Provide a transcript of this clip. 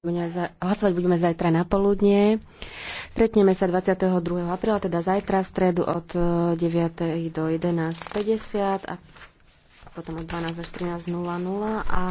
Hlasovať budeme zajtra na poludne. Stretneme sa 22. apríla, teda zajtra v stredu od 9. E, do 11.50 a potom od 12.00 až 13.00 a